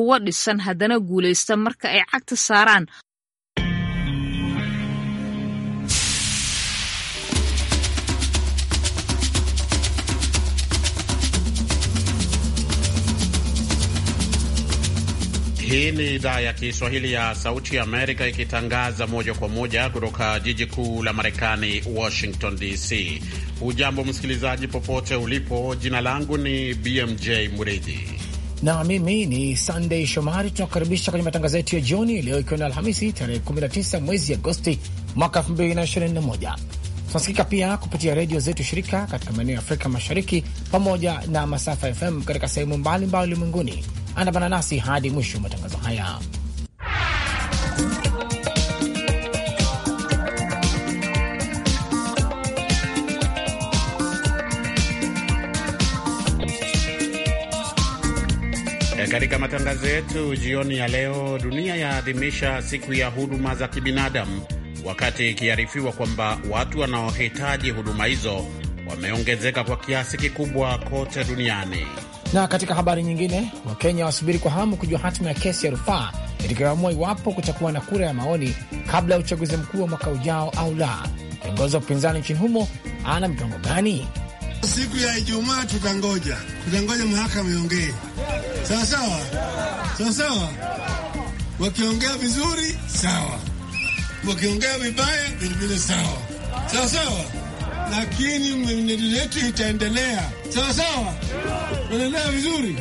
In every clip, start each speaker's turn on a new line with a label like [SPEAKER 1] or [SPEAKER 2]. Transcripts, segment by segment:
[SPEAKER 1] kuwa dhisan haddana guulaysta marka ay cagta saaraan
[SPEAKER 2] Hii ni idhaa ya Kiswahili ya Sauti ya Amerika ikitangaza moja kwa moja kutoka jiji kuu la Marekani, Washington DC. Hujambo msikilizaji, popote ulipo. Jina langu ni BMJ Mridhi
[SPEAKER 3] na mimi ni Sunday Shomari. Tunakukaribisha kwenye matangazo yetu ya jioni leo, ikiwa ni Alhamisi tarehe 19 mwezi Agosti mwaka 2021. Tunasikika pia kupitia redio zetu shirika katika maeneo ya Afrika Mashariki pamoja na masafa FM katika sehemu mbalimbali ulimwenguni. Andamana nasi hadi mwisho wa matangazo haya.
[SPEAKER 2] Eh, katika matangazo yetu jioni ya leo, dunia yaadhimisha siku ya huduma za kibinadamu, wakati ikiarifiwa kwamba watu wanaohitaji huduma hizo wameongezeka kwa kiasi kikubwa kote duniani.
[SPEAKER 3] Na katika habari nyingine, Wakenya wasubiri kwa hamu kujua hatima ya kesi ya rufaa itakayoamua iwapo kutakuwa na kura ya maoni kabla ya uchaguzi mkuu wa mwaka ujao au la. Kiongozi wa upinzani nchini humo ana mpango gani? Siku ya Ijumaa tutangoja, tutangoja mahakama iongee. Sawa sawa
[SPEAKER 4] sawa sawa, wakiongea vizuri sawa, wakiongea vibaya vilevile sawa sawa sawa, lakini mwenendo yetu itaendelea. Sawa sawa, endelea vizuri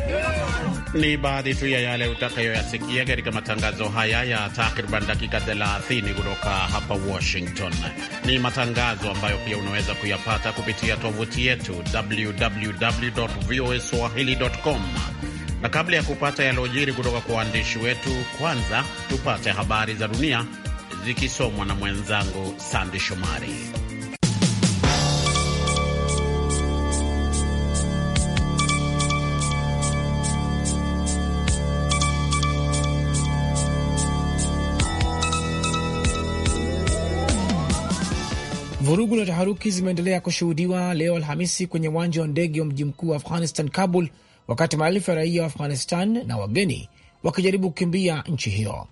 [SPEAKER 2] ni baadhi tu ya yale utakayoyasikia katika matangazo haya ya takriban dakika 30 kutoka hapa Washington. Ni matangazo ambayo pia unaweza kuyapata kupitia tovuti yetu www voa swahili com na kabla ya kupata yalojiri kutoka kwa waandishi wetu, kwanza tupate habari za dunia zikisomwa na mwenzangu Sandi Shomari.
[SPEAKER 3] Vurugu na taharuki zimeendelea kushuhudiwa leo Alhamisi kwenye uwanja wa ndege wa mji mkuu wa Afghanistan, Kabul, wakati maelfu ya raia wa Afghanistan na wageni wakijaribu kukimbia nchi hiyo.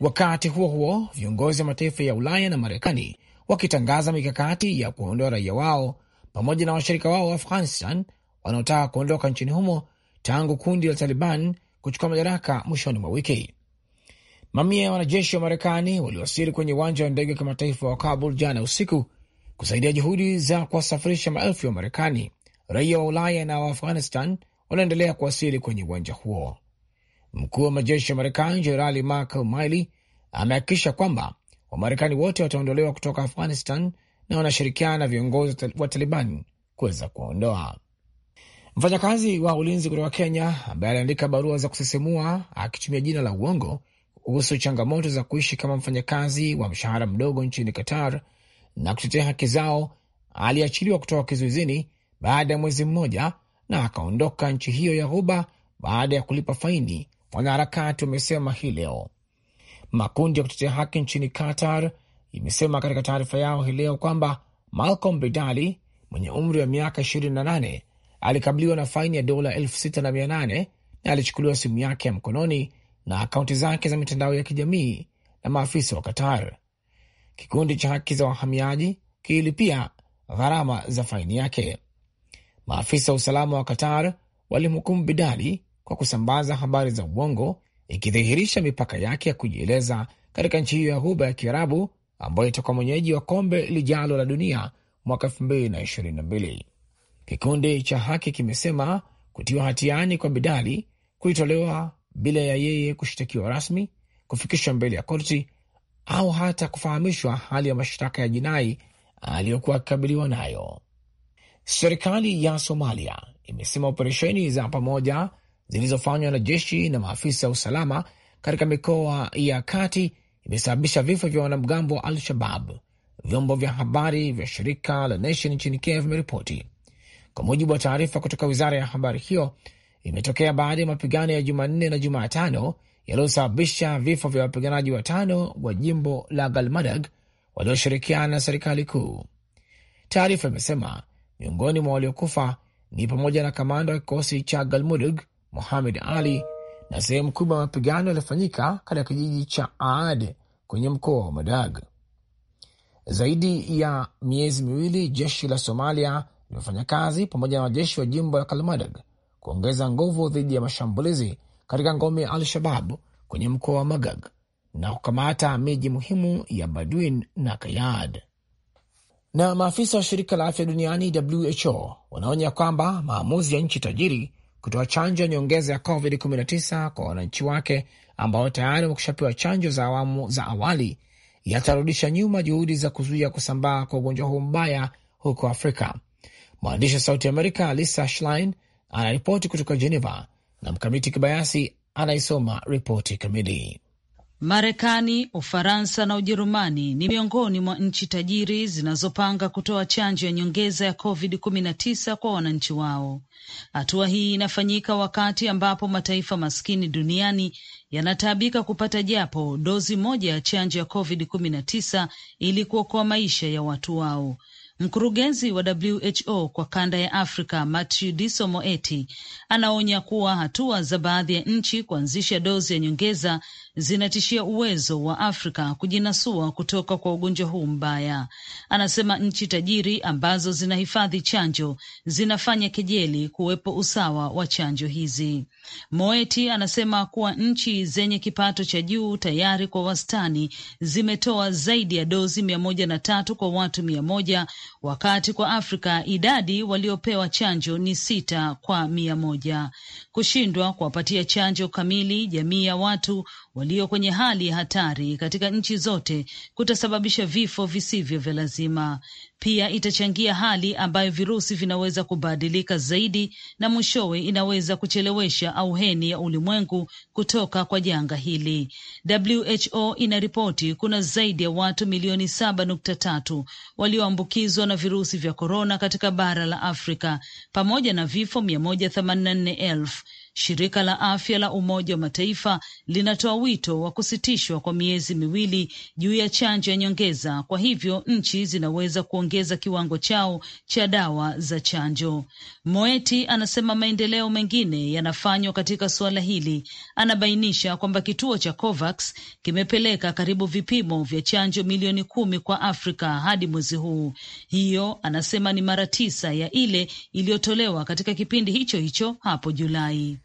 [SPEAKER 3] Wakati huo huo, viongozi wa mataifa ya Ulaya na Marekani wakitangaza mikakati ya kuondoa raia wao pamoja na washirika wao wa Afghanistan wanaotaka kuondoka nchini humo tangu kundi la Taliban kuchukua madaraka mwishoni mwa wiki. Mamia ya wanajeshi wa Marekani waliwasili kwenye uwanja wa ndege wa kimataifa wa Kabul jana usiku kusaidia juhudi za kuwasafirisha maelfu ya Wamarekani, raia wa Ulaya na wa Afghanistan wanaendelea kuwasili kwenye uwanja huo. Mkuu wa majeshi ya Marekani Jenerali Mark Miley amehakikisha kwamba Wamarekani wote wataondolewa kutoka Afghanistan na wanashirikiana na viongozi wa Taliban kuweza kuwaondoa. Mfanyakazi wa ulinzi kutoka Kenya ambaye aliandika barua za kusisimua akitumia jina la uongo kuhusu changamoto za kuishi kama mfanyakazi wa mshahara mdogo nchini Qatar na kutetea haki zao aliachiliwa kutoka kizuizini baada ya mwezi mmoja na akaondoka nchi hiyo ya Ghuba baada ya kulipa faini, wanaharakati wamesema hii leo. Makundi ya kutetea haki nchini Qatar imesema katika taarifa yao hii leo kwamba Malcolm Bidali mwenye umri wa miaka 28 alikabiliwa na faini ya dola elfu na na alichukuliwa simu yake ya mkononi na akaunti zake za mitandao ya kijamii na maafisa wa Qatar. Kikundi cha haki za wahamiaji kililipia gharama za faini yake. Maafisa wa usalama wa Qatar walimhukumu Bidali kwa kusambaza habari za uongo ikidhihirisha mipaka yake ya kujieleza katika nchi hiyo ya Ghuba ya Kiarabu ambayo itakuwa mwenyeji wa kombe lijalo la dunia mwaka 2022. Kikundi cha haki kimesema kutiwa hatiani kwa Bidali kulitolewa bila ya yeye kushtakiwa rasmi, kufikishwa mbele ya korti au hata kufahamishwa hali ya mashtaka ya jinai aliyokuwa akikabiliwa nayo. Serikali ya Somalia imesema operesheni za pamoja zilizofanywa na jeshi na maafisa wa usalama katika mikoa ya kati imesababisha vifo vya wanamgambo wa Al-Shabab, vyombo vya habari vya shirika la Nation nchini Kenya vimeripoti. Kwa mujibu wa taarifa kutoka wizara ya habari, hiyo imetokea baada ya mapigano ya Jumanne na Jumatano yaliyosababisha vifo vya wapiganaji watano wa jimbo la Galmadag walioshirikiana na serikali kuu. Taarifa imesema Miongoni mwa waliokufa ni pamoja na kamanda wa kikosi cha Galmudug muhamed Ali, na sehemu kubwa ya mapigano yaliyofanyika katika kijiji cha Aad kwenye mkoa wa Madag. Zaidi ya miezi miwili jeshi la Somalia limefanya kazi pamoja na wajeshi wa jimbo la Kalmadag kuongeza nguvu dhidi ya mashambulizi katika ngome ya Al-Shabab kwenye mkoa wa Magag na kukamata miji muhimu ya Badwin na Kayad. Na maafisa wa shirika la afya duniani WHO wanaonya kwamba maamuzi ya nchi tajiri kutoa chanjo ya nyongeza ya COVID-19 kwa wananchi wake ambao tayari wakushapewa chanjo za awamu za awali yatarudisha nyuma juhudi za kuzuia kusambaa kwa ugonjwa huu mbaya huko Afrika. Mwandishi wa Sauti Amerika Lisa Schlein anaripoti kutoka Geneva na Mkamiti Kibayasi anaisoma ripoti kamili.
[SPEAKER 1] Marekani, Ufaransa na Ujerumani ni miongoni mwa nchi tajiri zinazopanga kutoa chanjo ya nyongeza ya COVID-19 kwa wananchi wao. Hatua hii inafanyika wakati ambapo mataifa maskini duniani yanataabika kupata japo dozi moja ya chanjo ya COVID-19 ili kuokoa maisha ya watu wao. Mkurugenzi wa WHO kwa kanda ya Afrika diso Moeti anaonya kuwa hatua za baadhi ya nchi kuanzisha dozi ya nyongeza zinatishia uwezo wa Afrika kujinasua kutoka kwa ugonjwa huu mbaya. Anasema nchi tajiri ambazo zinahifadhi chanjo zinafanya kejeli kuwepo usawa wa chanjo hizi. Moeti anasema kuwa nchi zenye kipato cha juu tayari kwa wastani zimetoa zaidi ya dozi mia moja na tatu kwa watu mia moja wakati kwa Afrika idadi waliopewa chanjo ni sita kwa mia moja. Kushindwa kuwapatia chanjo kamili jamii ya watu walio kwenye hali ya hatari katika nchi zote kutasababisha vifo visivyo vya lazima. Pia itachangia hali ambayo virusi vinaweza kubadilika zaidi na mwishowe inaweza kuchelewesha auheni ya ulimwengu kutoka kwa janga hili. WHO inaripoti kuna zaidi ya watu milioni saba nukta tatu walioambukizwa na virusi vya korona katika bara la Afrika pamoja na vifo mia moja themanini na nne elfu Shirika la afya la Umoja wa Mataifa linatoa wito wa kusitishwa kwa miezi miwili juu ya chanjo ya nyongeza, kwa hivyo nchi zinaweza kuongeza kiwango chao cha dawa za chanjo. Moeti anasema maendeleo mengine yanafanywa katika suala hili. Anabainisha kwamba kituo cha COVAX kimepeleka karibu vipimo vya chanjo milioni kumi kwa Afrika hadi mwezi huu. Hiyo anasema ni mara tisa ya ile iliyotolewa katika kipindi hicho hicho hapo Julai.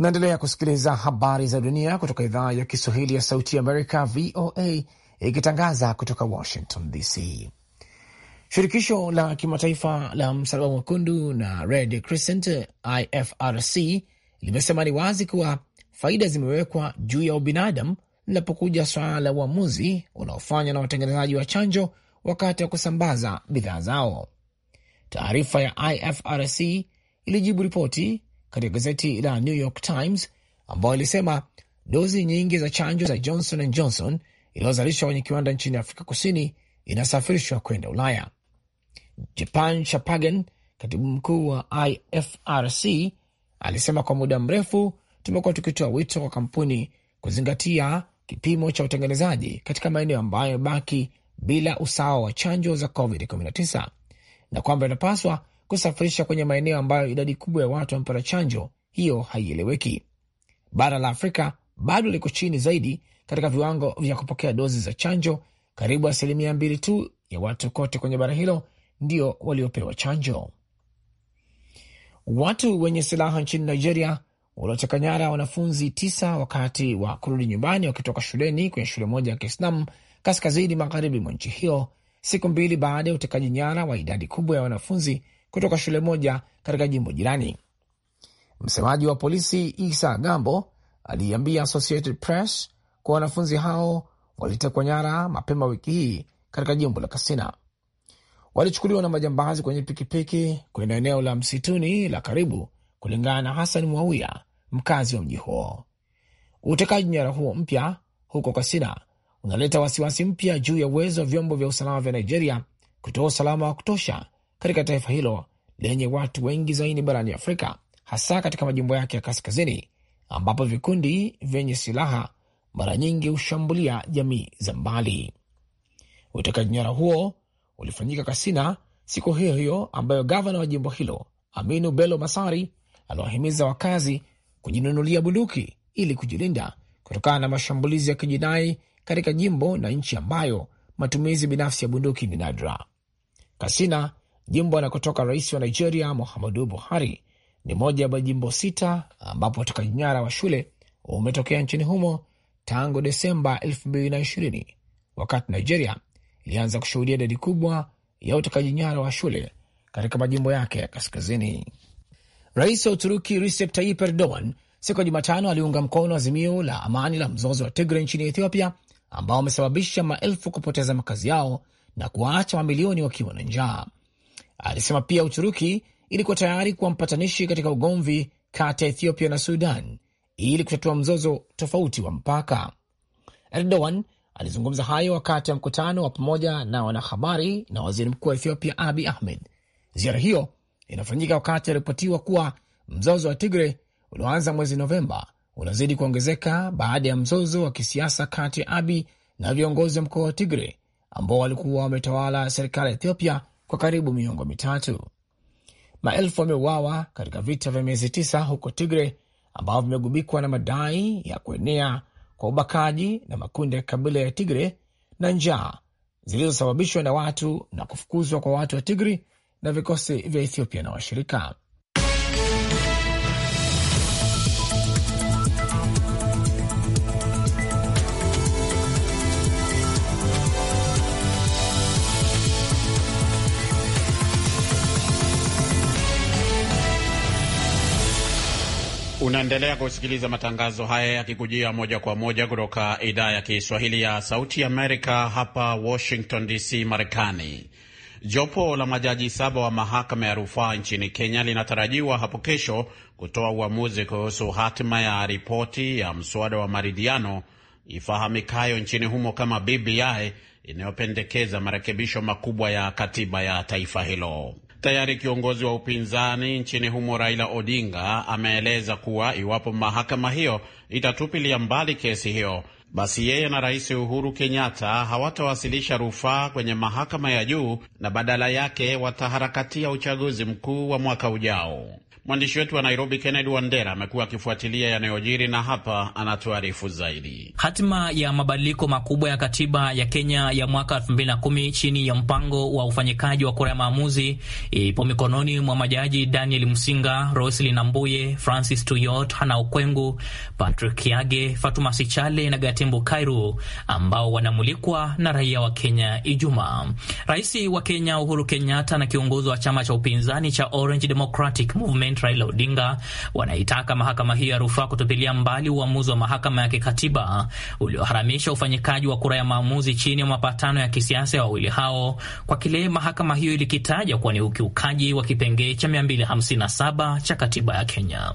[SPEAKER 3] Naendelea kusikiliza habari za dunia kutoka idhaa ya Kiswahili ya Sauti Amerika, VOA, ikitangaza kutoka Washington DC. Shirikisho la kimataifa la Msalaba Mwekundu na Red Crescent, IFRC, limesema ni wazi kuwa faida zimewekwa juu ya ubinadamu linapokuja swala la uamuzi unaofanywa na watengenezaji wa chanjo wakati wa kusambaza bidhaa zao. Taarifa ya IFRC ilijibu ripoti katika gazeti la New York Times ambayo ilisema dozi nyingi za chanjo za Johnson and Johnson iliyozalishwa kwenye kiwanda nchini Afrika Kusini inasafirishwa kwenda Ulaya. Japan shapagen katibu mkuu wa IFRC, alisema kwa muda mrefu tumekuwa tukitoa wito kwa kampuni kuzingatia kipimo cha utengenezaji katika maeneo ambayo baki bila usawa wa chanjo za COVID-19 na kwamba inapaswa kusafirisha kwenye maeneo ambayo idadi kubwa ya watu wamepata chanjo hiyo haieleweki. Bara la Afrika bado liko chini zaidi katika viwango vya kupokea dozi za chanjo. Karibu asilimia mbili tu ya watu kote kwenye bara hilo ndio waliopewa chanjo. Watu wenye silaha nchini Nigeria walioteka nyara wanafunzi tisa wakati wa kurudi nyumbani wakitoka shuleni kwenye shule moja ya Kiislamu kaskazini magharibi mwa nchi hiyo, siku mbili baada ya utekaji nyara wa idadi kubwa ya wanafunzi kutoka shule moja katika jimbo jirani. Msemaji wa polisi Isa Gambo aliambia Associated Press kuwa wanafunzi hao walitekwa nyara mapema wiki hii katika jimbo la Kasina. Walichukuliwa na majambazi kwenye pikipiki kwenda eneo la msituni la karibu, kulingana na Hassan Mwawia, mkazi wa mji huo. Utekaji nyara huo mpya huko Kasina unaleta wasiwasi mpya juu ya uwezo wa vyombo vya usalama vya Nigeria kutoa usalama wa kutosha katika taifa hilo lenye watu wengi zaidi barani Afrika, hasa katika majimbo yake ya kaskazini ambapo vikundi vyenye silaha mara nyingi hushambulia jamii za mbali. Utekaji nyara huo ulifanyika Kasina siku hiyo hiyo ambayo gavana wa jimbo hilo Aminu Bello Masari aliwahimiza wakazi kujinunulia bunduki ili kujilinda kutokana na mashambulizi ya kijinai katika jimbo na nchi ambayo matumizi binafsi ya bunduki ni nadra. Kasina Jimbo anakotoka rais wa Nigeria Muhammadu Buhari ni moja ya majimbo sita ambapo utekaji nyara wa shule umetokea nchini humo tangu Desemba 2020 wakati Nigeria ilianza kushuhudia idadi kubwa ya utekaji nyara wa shule katika majimbo yake ya kaskazini. Rais wa Uturuki Recep Tayyip Erdogan siku ya Jumatano aliunga mkono azimio la amani la mzozo wa Tigre nchini Ethiopia ambao wamesababisha maelfu kupoteza makazi yao na kuwaacha mamilioni wakiwa na njaa. Alisema pia Uturuki ilikuwa tayari kuwa mpatanishi katika ugomvi kati ya Ethiopia na Sudan ili kutatua mzozo tofauti wa mpaka. Erdogan alizungumza hayo wakati ya mkutano wa pamoja na wanahabari na waziri mkuu wa Ethiopia Abi Ahmed. Ziara hiyo inafanyika wakati aliripotiwa kuwa mzozo wa Tigre ulioanza mwezi Novemba unazidi kuongezeka baada ya mzozo wa kisiasa kati ya Abi na viongozi wa mkoa wa Tigre ambao walikuwa wametawala serikali ya Ethiopia kwa karibu miongo mitatu. Maelfu wameuawa katika vita vya miezi tisa huko Tigre ambavyo vimegubikwa na madai ya kuenea kwa ubakaji na makundi ya kabila ya Tigre na njaa zilizosababishwa na watu na kufukuzwa kwa watu wa Tigri na vikosi vya Ethiopia na washirika.
[SPEAKER 2] Unaendelea kusikiliza matangazo haya yakikujia moja kwa moja kutoka idhaa ya Kiswahili ya Sauti Amerika hapa Washington DC, Marekani. Jopo la majaji saba wa mahakama ya rufaa nchini Kenya linatarajiwa hapo kesho kutoa uamuzi kuhusu hatima ya ripoti ya mswada wa maridhiano ifahamikayo nchini humo kama BBI inayopendekeza marekebisho makubwa ya katiba ya taifa hilo. Tayari kiongozi wa upinzani nchini humo Raila Odinga ameeleza kuwa iwapo mahakama hiyo itatupilia mbali kesi hiyo, basi yeye na Rais Uhuru Kenyatta hawatawasilisha rufaa kwenye mahakama ya juu na badala yake wataharakatia uchaguzi mkuu wa mwaka ujao. Mwandishi wetu wa Nairobi, Kennedy Wandera, amekuwa akifuatilia yanayojiri na hapa anatuarifu zaidi.
[SPEAKER 5] Hatima ya mabadiliko makubwa ya katiba ya Kenya ya mwaka 2010 chini ya mpango wa ufanyikaji wa kura ya maamuzi ipo mikononi mwa majaji Daniel msinga Roslyn Nambuye, Francis Tuyot, Hana Okwengu, Patrick Kiage, Fatuma Sichale na Gatembu Kairu, ambao wanamulikwa na raia wa Kenya Ijumaa. Rais wa Kenya Uhuru Kenyatta na kiongozi wa chama cha upinzani cha Orange Democratic Movement Online Raila Odinga wanaitaka mahakama hiyo ya rufaa kutupilia mbali uamuzi wa mahakama ya kikatiba ulioharamisha ufanyikaji wa kura ya maamuzi chini ya mapatano ya kisiasa ya wawili hao kwa kile mahakama hiyo ilikitaja kuwa ni ukiukaji wa kipengee cha 257 cha katiba ya Kenya.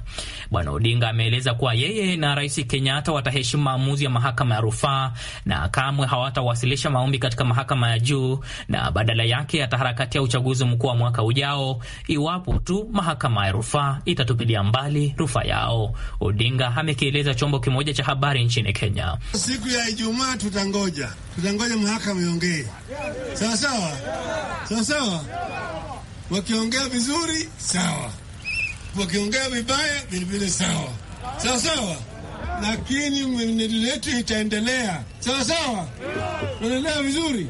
[SPEAKER 5] Bwana Odinga ameeleza kuwa yeye na Rais Kenyatta wataheshimu maamuzi ya mahakama ya rufaa na kamwe hawatawasilisha maombi katika mahakama ya juu na badala yake ataharakatia uchaguzi mkuu wa mwaka ujao iwapo tu mahakama ya rufaa itatupilia mbali rufaa yao. Odinga amekieleza chombo kimoja cha habari nchini Kenya,
[SPEAKER 4] siku ya Ijumaa tutangoja, tutangoja mahakama iongee. Sawa sawa, sawa sawa. Wakiongea vizuri sawa, wakiongea vibaya vilevile sawa, sawa sawa lakini mwenendo itaendelea sawa sawa tunaendelea vizuri.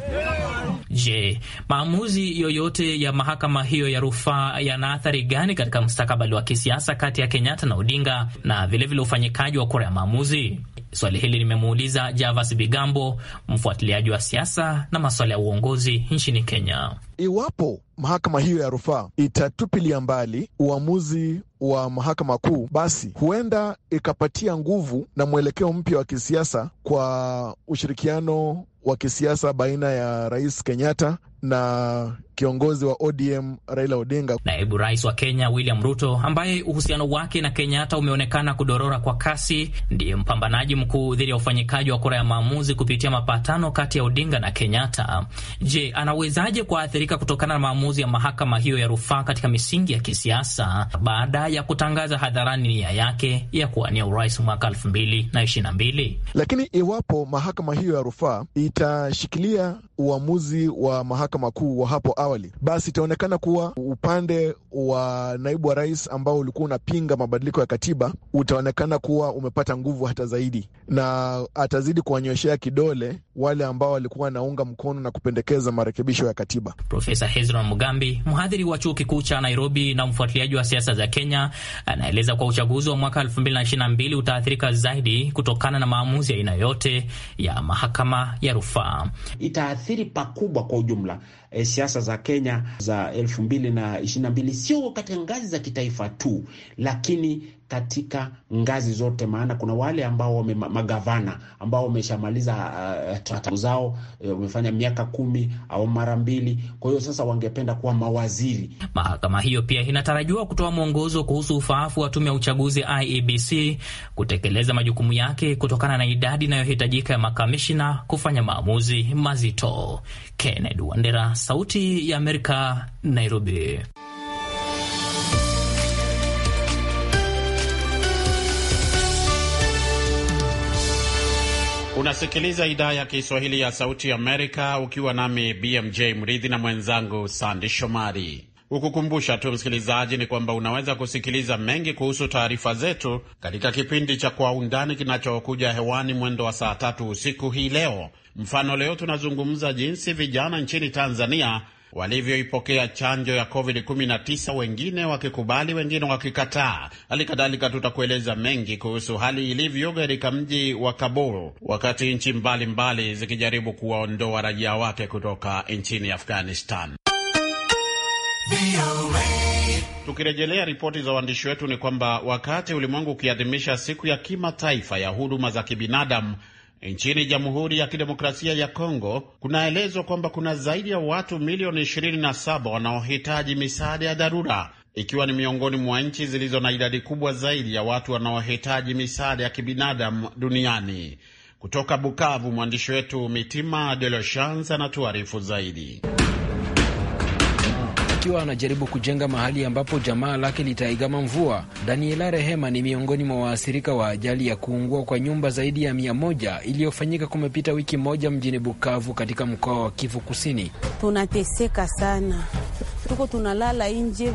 [SPEAKER 5] Je, maamuzi yoyote ya mahakama hiyo ya rufaa yana athari gani katika mustakabali wa kisiasa kati ya Kenyatta na Odinga na vilevile ufanyikaji wa kura ya maamuzi? Swali hili limemuuliza Javas Bigambo, mfuatiliaji wa siasa na maswala ya uongozi nchini Kenya,
[SPEAKER 6] iwapo mahakama hiyo ya rufaa itatupilia mbali uamuzi wa mahakama kuu, basi huenda ikapatia nguvu na mwelekeo mpya wa kisiasa kwa ushirikiano wa kisiasa baina ya Rais Kenyatta na kiongozi wa ODM Raila Odinga.
[SPEAKER 5] Naibu rais wa Kenya William Ruto, ambaye uhusiano wake na Kenyatta umeonekana kudorora kwa kasi, ndiye mpambanaji mkuu dhidi ya ufanyikaji wa kura ya maamuzi kupitia mapatano kati ya Odinga na Kenyatta. Je, anawezaje kuathirika kutokana na maamuzi ya mahakama hiyo ya rufaa katika misingi ya kisiasa baada ya kutangaza hadharani nia yake ya kuwania urais mwaka elfu mbili na ishirini na mbili?
[SPEAKER 6] Lakini iwapo mahakama hiyo ya rufaa itashikilia uamuzi wa mahakama kuu wa hapo awali, basi itaonekana kuwa upande wa naibu wa rais ambao ulikuwa unapinga mabadiliko ya katiba utaonekana kuwa umepata nguvu hata zaidi, na atazidi kuwanyoshea kidole wale ambao walikuwa wanaunga mkono na kupendekeza
[SPEAKER 5] marekebisho ya katiba. Profesa Hezron Mugambi, mhadhiri wa chuo kikuu cha Nairobi na mfuatiliaji wa siasa za Kenya, anaeleza kuwa uchaguzi wa mwaka 2022 utaathirika zaidi kutokana na maamuzi ya aina yote ya mahakama
[SPEAKER 2] ya rufaa. Itaathiri pakubwa kwa ujumla e, siasa za Kenya za elfu mbili na ishirini na mbili sio katika ngazi za kitaifa tu, lakini katika ngazi zote, maana kuna wale ambao wame magavana ambao wameshamaliza uh, zao eh, wamefanya uh, miaka kumi au mara mbili. Kwa hiyo sasa wangependa kuwa mawaziri.
[SPEAKER 5] Mahakama hiyo pia inatarajiwa kutoa mwongozo kuhusu ufaafu wa tume ya uchaguzi IEBC kutekeleza majukumu yake kutokana na idadi inayohitajika ya makamishina kufanya maamuzi mazito. Kennedy Wandera, Sauti ya Amerika, Nairobi.
[SPEAKER 2] Unasikiliza idhaa ya Kiswahili ya Sauti Amerika ukiwa nami BMJ Mridhi na mwenzangu Sandi Shomari. Hukukumbusha tu msikilizaji ni kwamba unaweza kusikiliza mengi kuhusu taarifa zetu katika kipindi cha Kwa Undani kinachokuja hewani mwendo wa saa tatu usiku hii leo. Mfano, leo tunazungumza jinsi vijana nchini Tanzania walivyoipokea chanjo ya COVID-19, wengine wakikubali, wengine wakikataa. Hali kadhalika tutakueleza mengi kuhusu hali ilivyo katika mji wa Kabul, wakati nchi mbalimbali zikijaribu kuwaondoa raia wake kutoka nchini Afghanistan. Tukirejelea ripoti za waandishi wetu ni kwamba wakati ulimwengu ukiadhimisha siku ya kimataifa ya huduma za kibinadamu nchini Jamhuri ya Kidemokrasia ya Kongo, kunaelezwa kwamba kuna zaidi ya watu milioni 27 wanaohitaji misaada ya dharura, ikiwa ni miongoni mwa nchi zilizo na idadi kubwa zaidi ya watu wanaohitaji misaada ya kibinadamu duniani. Kutoka Bukavu, mwandishi wetu Mitima De La anatuarifu zaidi
[SPEAKER 6] akiwa anajaribu kujenga mahali ambapo jamaa lake litaigama mvua. Daniela Rehema ni miongoni mwa waathirika wa ajali ya kuungua kwa nyumba zaidi ya mia moja iliyofanyika kumepita wiki moja mjini Bukavu katika mkoa wa Kivu Kusini.
[SPEAKER 7] Tunateseka sana, tuko tunalala nje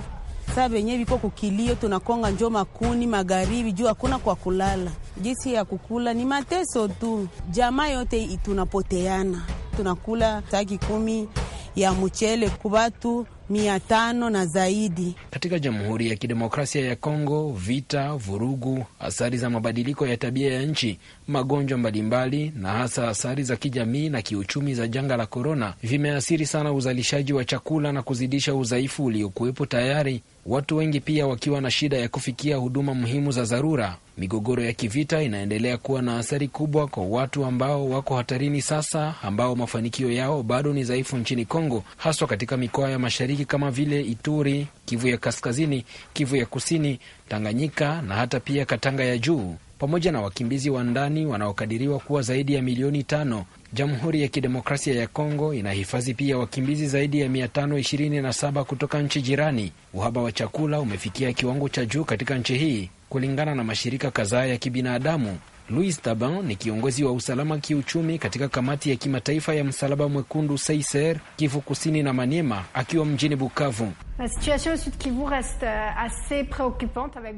[SPEAKER 7] saa venye viko kukilio, tunakonga njo makuni magharibi juu hakuna kwa kulala, jinsi ya kukula ni mateso tu. Jamaa yote tunapoteana, tunakula saki kumi ya mchele kubatu mia tano na zaidi.
[SPEAKER 6] Katika Jamhuri ya Kidemokrasia ya Kongo, vita, vurugu, athari za mabadiliko ya tabia ya nchi, magonjwa mbalimbali na hasa athari za kijamii na kiuchumi za janga la korona vimeathiri sana uzalishaji wa chakula na kuzidisha udhaifu uliokuwepo tayari, watu wengi pia wakiwa na shida ya kufikia huduma muhimu za dharura. Migogoro ya kivita inaendelea kuwa na athari kubwa kwa watu ambao wako hatarini sasa, ambao mafanikio yao bado ni dhaifu nchini Kongo, haswa katika mikoa ya mashariki mingi kama vile Ituri, Kivu ya Kaskazini, Kivu ya Kusini, Tanganyika na hata pia Katanga ya Juu, pamoja na wakimbizi wa ndani wanaokadiriwa kuwa zaidi ya milioni tano. Jamhuri ya Kidemokrasia ya Kongo inahifadhi pia wakimbizi zaidi ya 527 kutoka nchi jirani. Uhaba wa chakula umefikia kiwango cha juu katika nchi hii kulingana na mashirika kadhaa ya kibinadamu. Louis Taban ni kiongozi wa usalama kiuchumi katika kamati ya kimataifa ya msalaba mwekundu Seiser Kivu Kusini na Maniema, akiwa mjini Bukavu.
[SPEAKER 2] Euh,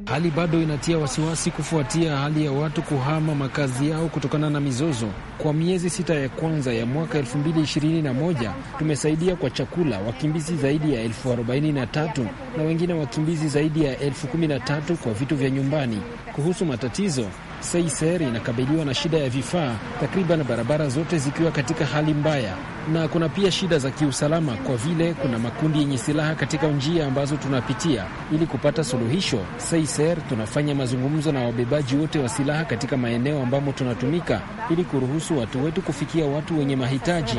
[SPEAKER 6] hali bado inatia wasiwasi kufuatia hali ya watu kuhama makazi yao kutokana na mizozo. Kwa miezi sita ya kwanza ya mwaka 2021 tumesaidia kwa chakula wakimbizi zaidi ya elfu arobaini na tatu na wengine wakimbizi zaidi ya elfu kumi na tatu kwa vitu vya nyumbani. Kuhusu matatizo Seiser inakabiliwa na shida ya vifaa, takriban barabara zote zikiwa katika hali mbaya, na kuna pia shida za kiusalama kwa vile kuna makundi yenye silaha katika njia ambazo tunapitia. Ili kupata suluhisho, Seiser tunafanya mazungumzo na wabebaji wote wa silaha katika maeneo ambamo tunatumika ili kuruhusu watu wetu kufikia watu wenye mahitaji.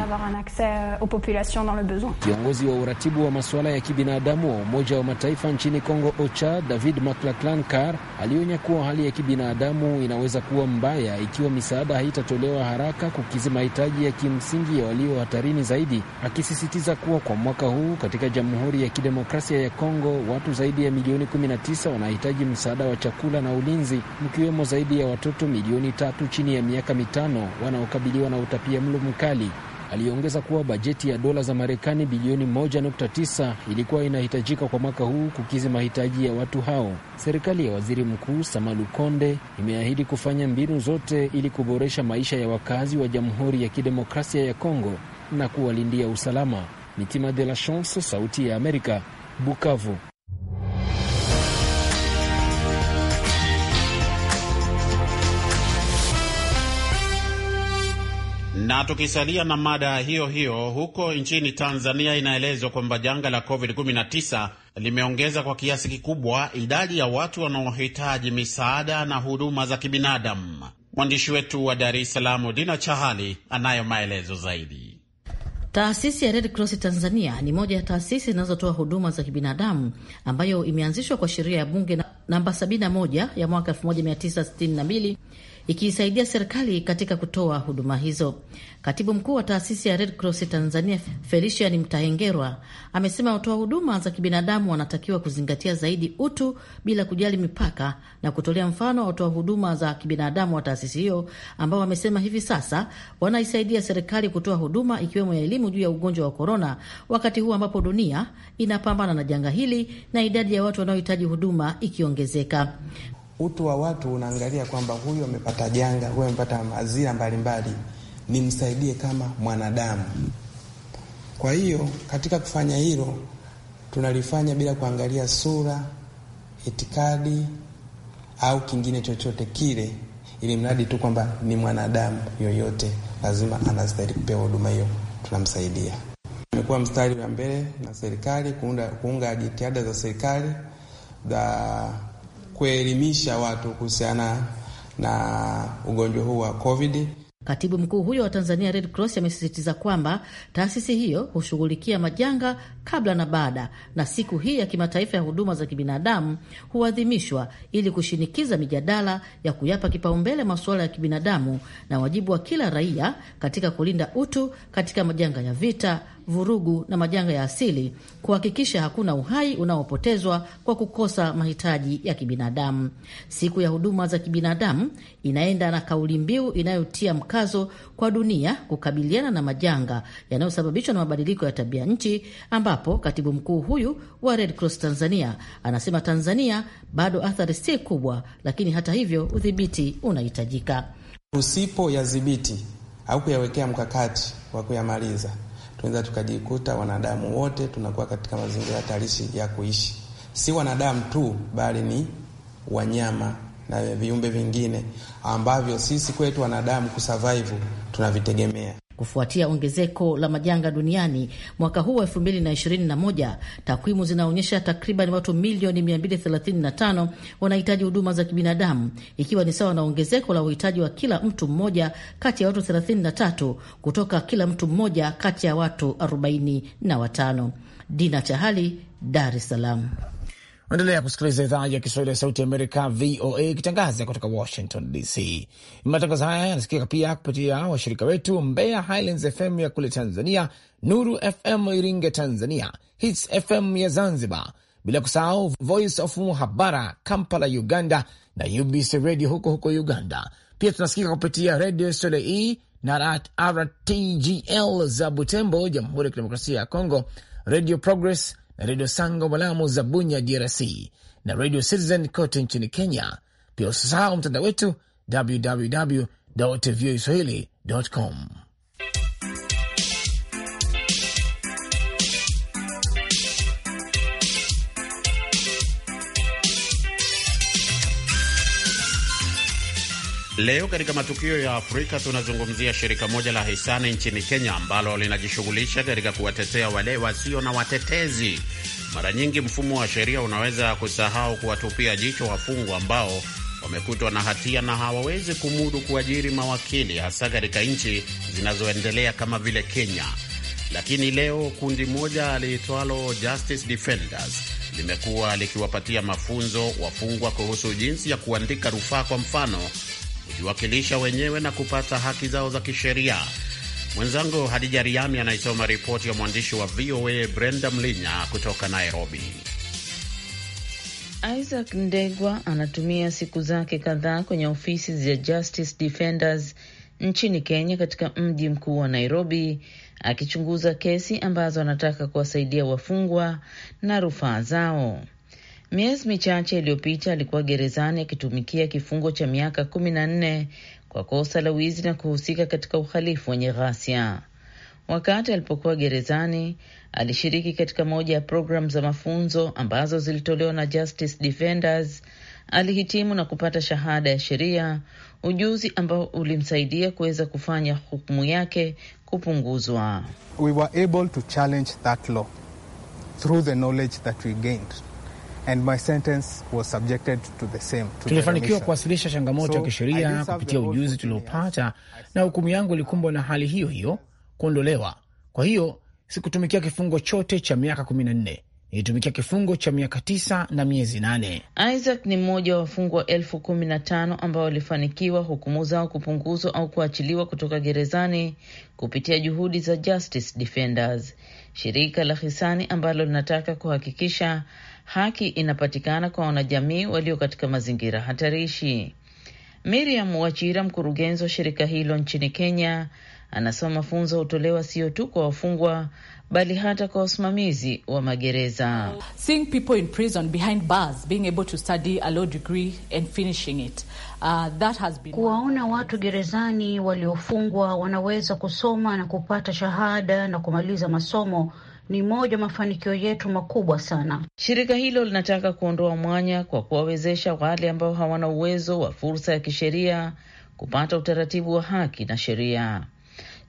[SPEAKER 5] Euh,
[SPEAKER 6] Kiongozi wa uratibu wa masuala ya kibinadamu wa Umoja wa Mataifa nchini Kongo, OCHA, David Maclaclan Car alionya kuwa hali ya kibinadamu inaweza kuwa mbaya ikiwa misaada haitatolewa haraka kukizi mahitaji ya kimsingi ya walio hatarini zaidi, akisisitiza kuwa kwa mwaka huu katika Jamhuri ya Kidemokrasia ya Kongo watu zaidi ya milioni 19 wanahitaji msaada wa chakula na ulinzi, mkiwemo zaidi ya watoto milioni tatu chini ya miaka mitano wanaokabiliwa na utapia mlo mkali. Aliongeza kuwa bajeti ya dola za Marekani bilioni 1.9 ilikuwa inahitajika kwa mwaka huu kukizi mahitaji ya watu hao. Serikali ya waziri mkuu Sama Lukonde imeahidi kufanya mbinu zote ili kuboresha maisha ya wakazi wa Jamhuri ya Kidemokrasia ya Kongo na kuwalindia usalama. Mitima de la Chance, Sauti ya Amerika, Bukavu.
[SPEAKER 2] Na tukisalia na mada hiyo hiyo, huko nchini Tanzania, inaelezwa kwamba janga la COVID-19 limeongeza kwa kiasi kikubwa idadi ya watu wanaohitaji misaada na huduma za kibinadamu. Mwandishi wetu wa Dar es Salaam, Dina Chahali, anayo maelezo zaidi.
[SPEAKER 8] Taasisi ya Red Cross Tanzania ni moja ya taasisi zinazotoa huduma za kibinadamu ambayo imeanzishwa kwa sheria ya bunge namba 71 ya mwaka 1962 ikiisaidia serikali katika kutoa huduma hizo. Katibu mkuu wa taasisi ya Red Cross Tanzania, Felician Mtahengerwa, amesema watoa huduma za kibinadamu wanatakiwa kuzingatia zaidi utu bila kujali mipaka, na kutolea mfano wa watoa huduma za kibinadamu wa taasisi hiyo ambao wamesema hivi sasa wanaisaidia serikali kutoa huduma ikiwemo ya elimu juu ya ugonjwa wa korona, wakati huu ambapo dunia inapambana na janga hili na idadi ya watu wanaohitaji huduma ikiongezeka
[SPEAKER 4] utu wa watu unaangalia kwamba huyu amepata janga, huyu amepata mazira mbalimbali, nimsaidie kama mwanadamu. Kwa hiyo katika kufanya hilo tunalifanya bila kuangalia sura, itikadi au kingine chochote kile, ili mradi tu kwamba ni mwanadamu yoyote, lazima anastahili kupewa huduma hiyo, tunamsaidia. Imekuwa mstari wa mbele na serikali kuunga jitihada za serikali za
[SPEAKER 8] kuelimisha watu kuhusiana na ugonjwa huu wa COVID. Katibu mkuu huyo wa Tanzania Red Cross amesisitiza kwamba taasisi hiyo hushughulikia majanga kabla na baada, na siku hii ya kimataifa ya huduma za kibinadamu huadhimishwa ili kushinikiza mijadala ya kuyapa kipaumbele masuala ya kibinadamu na wajibu wa kila raia katika kulinda utu katika majanga ya vita vurugu na majanga ya asili, kuhakikisha hakuna uhai unaopotezwa kwa kukosa mahitaji ya kibinadamu. Siku ya huduma za kibinadamu inaenda na kauli mbiu inayotia mkazo kwa dunia kukabiliana na majanga yanayosababishwa na mabadiliko ya tabia nchi, ambapo katibu mkuu huyu wa Red Cross Tanzania anasema Tanzania bado athari si kubwa, lakini hata hivyo udhibiti unahitajika. usipo
[SPEAKER 4] yadhibiti au kuyawekea mkakati wa kuyamaliza tunaweza tukajikuta wanadamu wote tunakuwa katika mazingira hatarishi ya kuishi, si wanadamu tu, bali ni wanyama na viumbe vingine ambavyo sisi kwetu wanadamu kusurvive tunavitegemea.
[SPEAKER 8] Kufuatia ongezeko la majanga duniani mwaka huu wa 2021, takwimu zinaonyesha takriban watu milioni 235 wanahitaji huduma za kibinadamu, ikiwa ni sawa na ongezeko la uhitaji wa kila mtu mmoja kati ya watu 33 kutoka kila mtu mmoja kati ya watu 45.
[SPEAKER 3] Dina Chahali, Dar es Salaam. Endelea kusikiliza idhaa ya Kiswahili ya Sauti Amerika, VOA, ikitangaza kutoka Washington DC. Matangazo haya yanasikika pia kupitia washirika wetu Mbeya Highlands FM ya kule Tanzania, Nuru FM Iringe Tanzania, Hits FM ya Zanzibar, bila kusahau Voice of Muhabara Kampala Uganda na UBC Radio huko huko Uganda. Pia tunasikika kupitia Radio Soleil na RTGL za Butembo, Jamhuri ya Kidemokrasia ya Kongo, Radio Progress na redio Sango Malamu za Bunya, DRC, na redio Citizen kote nchini Kenya. Pia usisahau mtandao wetu www voa swahili com.
[SPEAKER 2] Leo katika matukio ya Afrika tunazungumzia shirika moja la hisani nchini Kenya ambalo linajishughulisha katika kuwatetea wale wasio na watetezi. Mara nyingi mfumo wa sheria unaweza kusahau kuwatupia jicho wafungwa ambao wamekutwa na hatia na hawawezi kumudu kuajiri mawakili, hasa katika nchi zinazoendelea kama vile Kenya. Lakini leo kundi moja liitwalo Justice Defenders limekuwa likiwapatia mafunzo wafungwa kuhusu jinsi ya kuandika rufaa, kwa mfano kujiwakilisha wenyewe na kupata haki zao za kisheria. Mwenzangu Hadija Riami anaisoma ripoti ya mwandishi wa VOA Brenda Mlinya kutoka Nairobi.
[SPEAKER 7] Isaac Ndegwa anatumia siku zake kadhaa kwenye ofisi za Justice Defenders nchini Kenya katika mji mkuu wa Nairobi akichunguza kesi ambazo anataka kuwasaidia wafungwa na rufaa zao. Miezi michache iliyopita alikuwa gerezani akitumikia kifungo cha miaka kumi na nne kwa kosa la wizi na kuhusika katika uhalifu wenye ghasia. Wakati alipokuwa gerezani, alishiriki katika moja ya programu za mafunzo ambazo zilitolewa na Justice Defenders. Alihitimu na kupata shahada ya sheria, ujuzi ambao ulimsaidia kuweza kufanya hukumu yake kupunguzwa.
[SPEAKER 4] We were able to challenge that law through the knowledge that we gained And my sentence was
[SPEAKER 3] subjected to the same, to tulifanikiwa kuwasilisha changamoto ya so, kisheria kupitia ujuzi tuliopata, na hukumu yangu ilikumbwa na hali hiyo hiyo, kuondolewa. Kwa hiyo sikutumikia kifungo chote cha miaka kumi na nne nilitumikia kifungo cha miaka tisa na miezi nane.
[SPEAKER 7] Isaac ni mmoja wa wafungwa elfu kumi na tano ambao walifanikiwa hukumu zao kupunguzwa au kuachiliwa kutoka gerezani kupitia juhudi za Justice Defenders, shirika la hisani ambalo linataka kuhakikisha haki inapatikana kwa wanajamii walio katika mazingira hatarishi. Miriam Wachira, mkurugenzi wa shirika hilo nchini Kenya, anasema mafunzo hutolewa sio tu kwa wafungwa bali hata kwa wasimamizi wa magereza. Seeing people in prison behind bars being able to study
[SPEAKER 8] a law degree and finishing it uh, that has been... kuwaona watu gerezani waliofungwa wanaweza kusoma na kupata shahada na kumaliza masomo ni moja mafanikio yetu makubwa sana.
[SPEAKER 7] Shirika hilo linataka kuondoa mwanya kwa kuwawezesha wale ambao hawana uwezo wa fursa ya kisheria kupata utaratibu wa haki na sheria.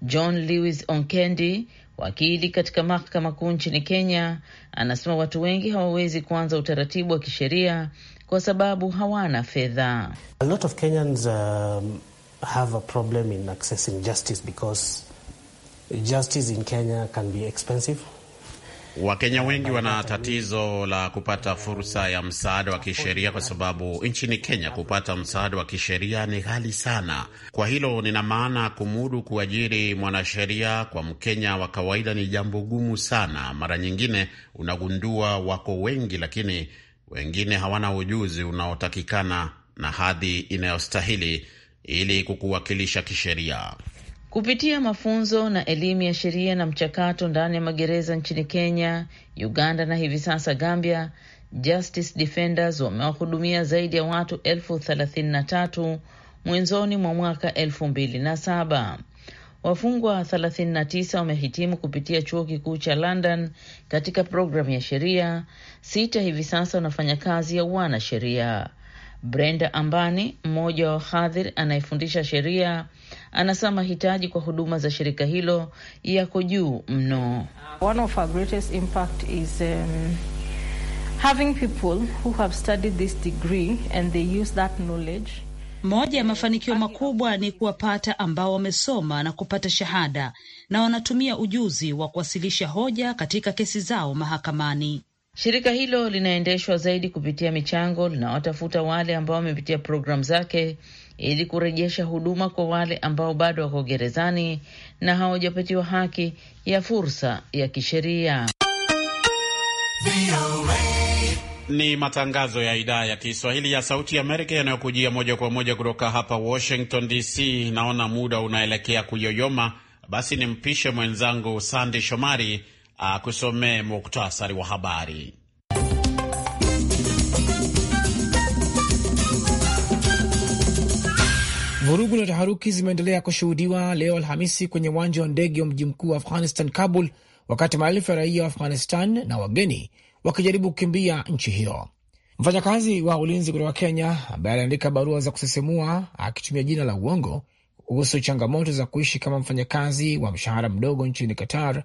[SPEAKER 7] John Lewis Onkendi, wakili katika mahakama kuu nchini Kenya, anasema watu wengi hawawezi kuanza utaratibu wa kisheria kwa sababu hawana fedha.
[SPEAKER 4] Um, justice in Kenya can be expensive.
[SPEAKER 2] Wakenya wengi wana tatizo la kupata fursa ya msaada wa kisheria kwa sababu nchini Kenya kupata msaada wa kisheria ni ghali sana. Kwa hilo, nina maana kumudu kuajiri mwanasheria kwa Mkenya wa kawaida ni jambo gumu sana. Mara nyingine unagundua wako wengi, lakini wengine hawana ujuzi unaotakikana na hadhi inayostahili ili kukuwakilisha kisheria.
[SPEAKER 7] Kupitia mafunzo na elimu ya sheria na mchakato ndani ya magereza nchini Kenya, Uganda na hivi sasa Gambia, Justice Defenders wamewahudumia zaidi ya watu elfu thelathini na tatu mwenzoni mwa mwaka elfu mbili na saba. Wafungwa 39 wamehitimu kupitia chuo kikuu cha London katika programu ya sheria. Sita hivi sasa wanafanya kazi ya sheria Brenda Ambani, mmoja wa wahadhiri anayefundisha sheria anasema mahitaji kwa huduma za shirika hilo yako juu mno. One of our greatest impact is um, having people who have studied this
[SPEAKER 1] degree and they use that knowledge moja ya mafanikio makubwa ni kuwapata ambao wamesoma na kupata shahada na wanatumia ujuzi wa kuwasilisha hoja katika
[SPEAKER 7] kesi zao mahakamani. Shirika hilo linaendeshwa zaidi kupitia michango, linawatafuta wale ambao wamepitia programu zake ili kurejesha huduma kwa wale ambao bado wako gerezani na hawajapatiwa haki ya fursa ya kisheria.
[SPEAKER 2] Ni matangazo ya idhaa ya Kiswahili ya Sauti ya Amerika yanayokujia moja kwa moja kutoka hapa Washington DC. Naona muda unaelekea kuyoyoma, basi nimpishe mwenzangu sandi Shomari akusomee muktasari wa habari.
[SPEAKER 3] Vurugu na taharuki zimeendelea kushuhudiwa leo Alhamisi kwenye uwanja wa ndege wa mji mkuu wa Afghanistan, Kabul, wakati maelfu ya raia wa Afghanistan na wageni wakijaribu kukimbia nchi hiyo. Mfanyakazi wa ulinzi kutoka Kenya ambaye aliandika barua za kusisimua akitumia jina la uongo kuhusu changamoto za kuishi kama mfanyakazi wa mshahara mdogo nchini Qatar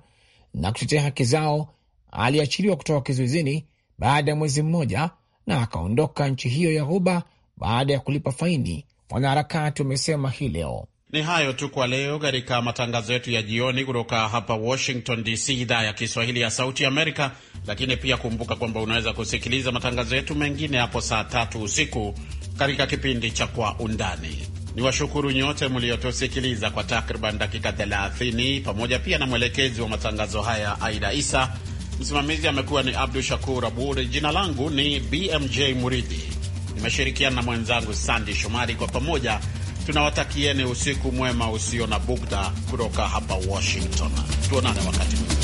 [SPEAKER 3] na kutetea haki zao, aliachiliwa kutoka kizuizini baada ya mwezi mmoja na akaondoka nchi hiyo ya Ghuba baada ya kulipa faini wanaharakati wamesema hii leo.
[SPEAKER 2] Ni hayo tu kwa leo katika matangazo yetu ya jioni kutoka hapa Washington DC, idhaa ya Kiswahili ya Sauti Amerika. Lakini pia kumbuka kwamba unaweza kusikiliza matangazo yetu mengine hapo saa tatu usiku katika kipindi cha Kwa Undani. Ni washukuru nyote mliotusikiliza kwa takriban dakika 30, pamoja pia na mwelekezi wa matangazo haya Aida Isa. Msimamizi amekuwa ni Abdu Shakur Abud. Jina langu ni BMJ Muridhi. Nimeshirikiana na mwenzangu Sandi Shomari, kwa pamoja tunawatakieni usiku mwema usio na bugda kutoka hapa Washington. Tuonane wakati mwingine.